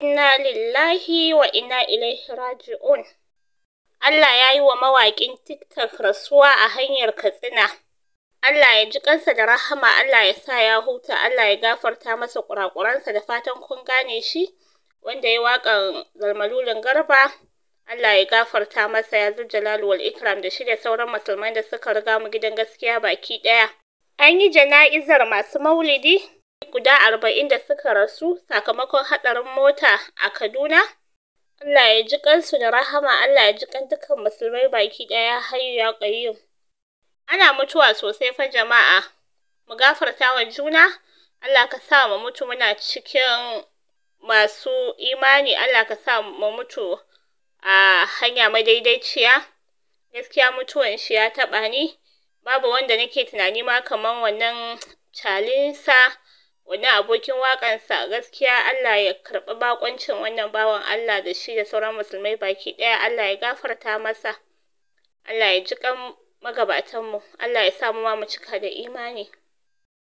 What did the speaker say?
Inna lillahi wa inna ilaihi raji'un. Allah ya yi wa mawaƙin TikTok rasuwa a hanyar Katsina. Allah ya ji kansa da rahama, Allah ya sa ya huta, Allah ya gafarta masa kurakuransa da fatan kun gane shi. Wanda ya waƙan Zalmalulin Garba, Allah ya gafarta masa ya zu jalalu wal ikram da shi da sauran musulmai da suka riga mu gidan gaskiya baki ɗaya. An yi jana'izar masu maulidi. guda arba'in da suka rasu sakamakon hatsarin mota a Kaduna, Allah ya ji kansu da rahama, Allah ya ji kan dukkan musulmai baki daya hayu ya qayyum. Ana mutuwa sosai fa jama'a. Mu gafarta wa juna. Allah ka sa mu mutu muna cikin masu imani. Allah ka sa mu mutu a hanya madaidaiciya. Gaskiya mutuwan shi ya taba ni. Babu wanda nake tunani ma kaman wannan calinsa. wani abokin waƙansa, gaskiya Allah ya karɓi baƙuncin wannan bawan Allah da shi da sauran musulmai baki ɗaya, Allah ya gafarta masa, Allah ya ji kan magabatanmu, Allah ya sa mu mu cika da imani.